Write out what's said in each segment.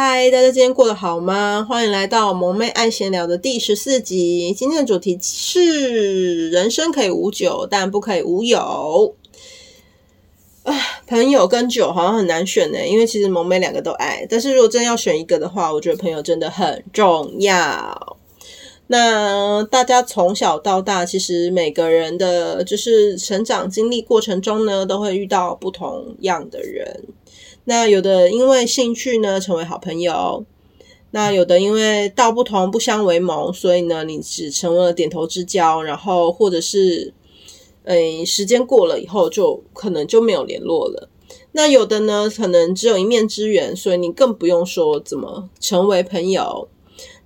嗨，Hi, 大家今天過得好嗎？歡迎來到萌咩愛閒聊的第十四集。今天的主題是人生可以無酒，但不可以無友。啊，朋友跟酒好像很難選呢，因為其實萌咩兩個都愛，但是如果真要選一個的話，我覺得朋友真的很重要。那大家從小到大，其實每個人的就是成長經歷過程中呢，都會遇到不同樣的人。那有的因為興趣呢成為好朋友，那有的因為道不同不相為謀，所以呢你只成為了點頭之交，然後或者是，誒，哎，時間過了以後就可能就沒有聯絡了。那有的呢可能只有一面之緣，所以你更不用說怎麼成為朋友。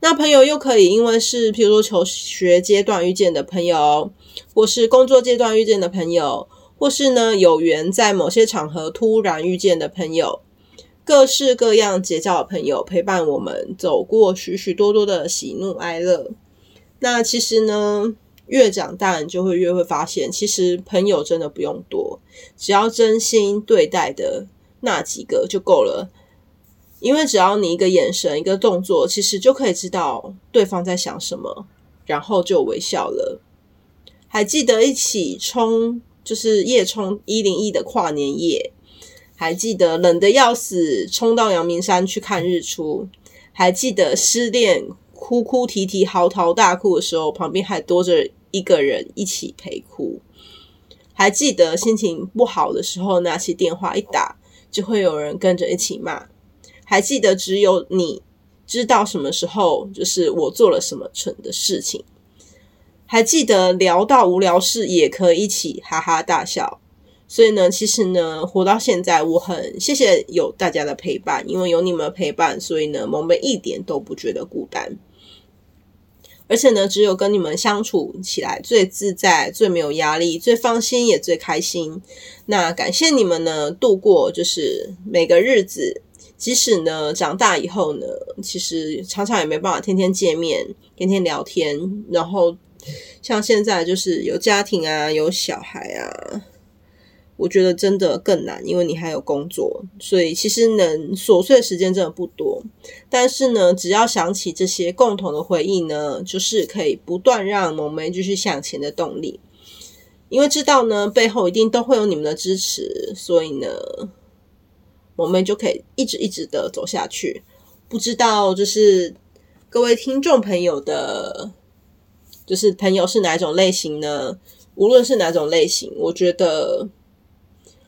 那朋友又可以因為是譬如說求學階段遇見的朋友，或是工作階段遇見的朋友。或是呢，有緣在某些場合突然遇見的朋友，各式各樣結交的朋友，陪伴我們走過許許多多的喜怒哀樂。那其實呢，越長大人就會越會發現，其實朋友真的不用多，只要真心對待的那幾個就夠了。因為只要你一個眼神、一個動作，其實就可以知道對方在想什麼，然後就微笑了。還記得一起衝。就是夜衝一零一的跨年夜，還記得冷得要死，衝到陽明山去看日出；還記得失戀，哭哭啼啼，嚎啕大哭的時候，旁邊還多着一個人一起陪哭；還記得心情不好的時候，拿起電話一打，就會有人跟着一起罵；還記得只有你知道什麼時候，就是我做了什麼蠢的事情。還記得聊到無聊事，也可以一起哈哈大笑。所以呢，其實呢，活到現在，我很謝謝有大家的陪伴，因為有你們陪伴，所以呢，萌咩一點都不覺得孤單。而且呢，只有跟你們相處起來最自在、最沒有壓力、最放心也最開心。那感謝你們呢，度過就是每個日子。即使呢，長大以後呢，其實常常也沒辦法天天見面、天天聊天，然後。像現在就是有家庭啊，有小孩啊，我覺得真的更難，因為你還有工作，所以其實能瑣碎的時間真的不多。但是呢，只要想起這些共同的回憶呢，就是可以不斷讓萌咩繼續向前的動力。因為知道呢，背後一定都會有你們的支持，所以呢，我們就可以一直一直的走下去。不知道就是各位聽眾朋友的。就是朋友是哪一種類型呢？無論是哪一種類型，我覺得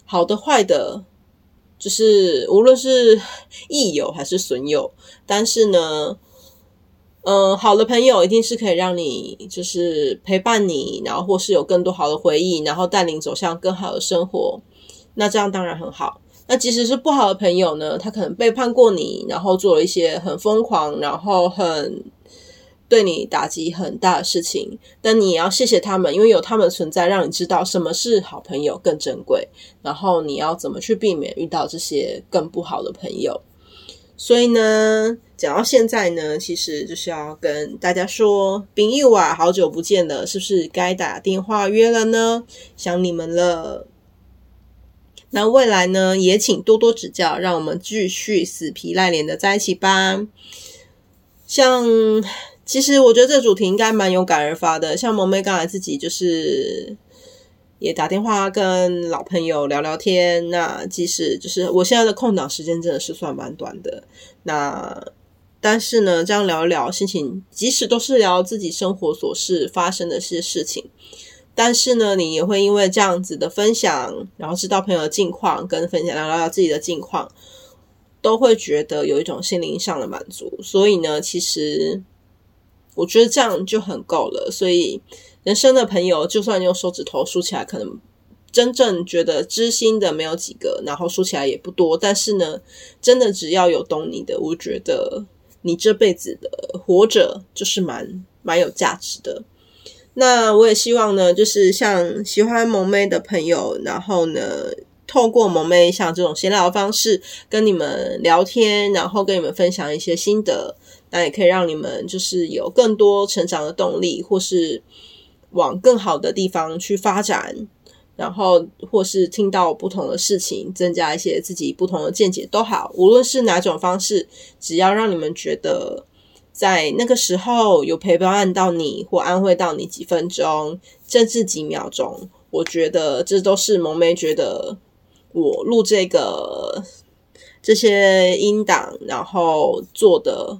好的壞的，就是無論是益友還是損友，但是呢，嗯、呃，好的朋友一定是可以讓你就是陪伴你，然後或是有更多好的回憶，然後帶領走向更好的生活。那這樣當然很好。那即使是不好的朋友呢，他可能背叛過你，然後做了一些很瘋狂，然後很。對你打擊很大的事情，但你也要謝謝他們，因為有他們的存在，讓你知道什麼是好朋友更珍貴。然後你要怎麼去避免遇到這些更不好的朋友？所以呢，講到現在呢，其實就是要跟大家說，冰一瓦，好久不見了，是不是該打電話約了呢？想你們了。那未來呢，也請多多指教，讓我們繼續死皮賴臉的在一起吧。像。其實我覺得這主題應該蠻有感而發的，像萌咩剛才自己就是也打電話跟老朋友聊聊天。那即使就是我現在的空檔時間真的是算蠻短的，那但是呢，這樣聊一聊，心情即使都是聊自己生活瑣事發生的一些事情，但是呢，你也會因為這樣子的分享，然後知道朋友的近況，跟分享聊聊聊自己的近況，都會覺得有一種心靈上的滿足。所以呢，其實。我覺得這樣就很夠了，所以人生的朋友，就算用手指頭數起來，可能真正覺得知心的沒有幾個，然後數起來也不多。但是呢，真的只要有懂你的，我覺得你這輩子的活着就是蠻蠻有價值的。那我也希望呢，就是像喜歡萌咩的朋友，然後呢，透過萌咩像這種閒聊的方式跟你們聊天，然後跟你們分享一些心得。那也可以讓你們就是有更多成長的動力，或是往更好的地方去發展，然後或是聽到不同的事情，增加一些自己不同的見解都好。無論是哪種方式，只要讓你們覺得在那個時候有陪伴到你或安慰到你幾分鐘，甚至幾秒鐘，我覺得這都是萌咩覺得我錄這個這些音檔，然後做的。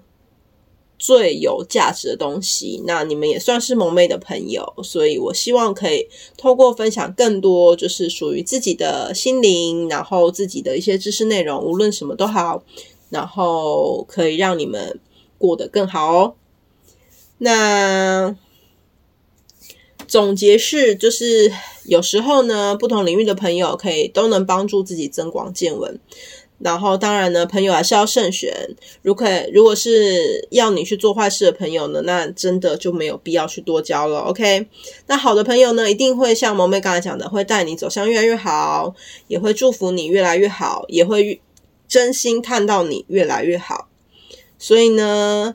最有價值的東西，那你們也算是萌咩的朋友，所以我希望可以透過分享更多，就是屬於自己的心靈，然後自己的一些知識內容，無論什麼都好，然後可以讓你們過得更好哦。那總結是，就是有時候呢，不同領域的朋友可以都能幫助自己增廣見聞。然後，當然呢，朋友還是要慎選。如果如果是要你去做壞事的朋友呢，那真的就沒有必要去多交了。OK，那好的朋友呢，一定會像萌咩剛才講的，會帶你走向越來越好，也會祝福你越來越好，也會真心看到你越來越好。所以呢，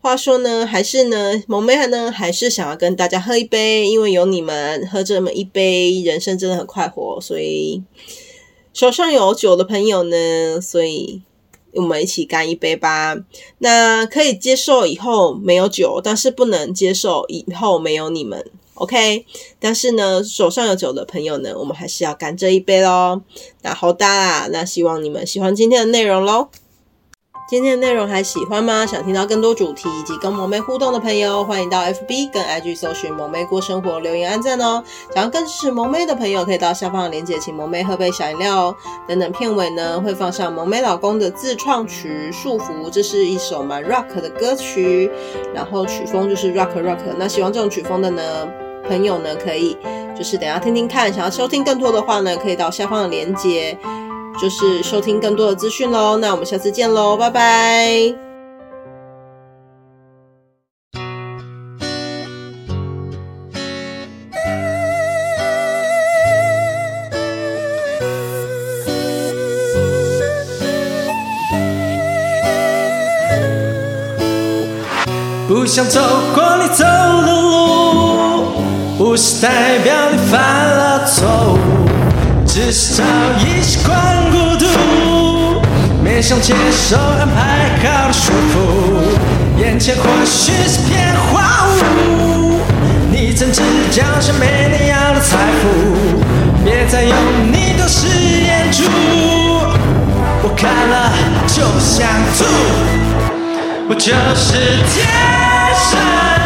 話說呢，還是呢，萌咩呢，還是想要跟大家喝一杯，因為有你們喝這麼一杯，人生真的很快活，所以。手上有酒的朋友呢，所以我們一起乾一杯吧。那可以接受以後沒有酒，但是不能接受以後沒有你們，OK？但是呢，手上有酒的朋友呢，我們還是要乾這一杯嘍。那好的，那希望你們喜歡今天的內容嘍。今天的內容還喜歡嗎？想聽到更多主題以及跟萌咩互動的朋友，歡迎到 FB 跟 IG 搜尋“萌咩過生活”，留言、按讚哦、喔。想要更支持萌咩的朋友，可以到下方的鏈接，請萌咩喝杯小飲料哦、喔。等等片尾呢，會放上萌咩老公的自創曲《束縛》，這是一首蠻 rock 的歌曲，然後曲風就是 rock rock。那喜歡這種曲風的呢，朋友呢，可以就是等一下聽聽看。想要收聽更多的話呢，可以到下方的鏈接。就是收聽更多的資訊嘍，那我們下次見嘍，拜拜。不想走過你走的路，不是代表你犯了錯誤，至少一起過。別想接受安排好的束縛，眼前或許是片荒蕪。你怎知講究沒你要的財富，別再用你的誓言住。我看了就想吐，我就是天生。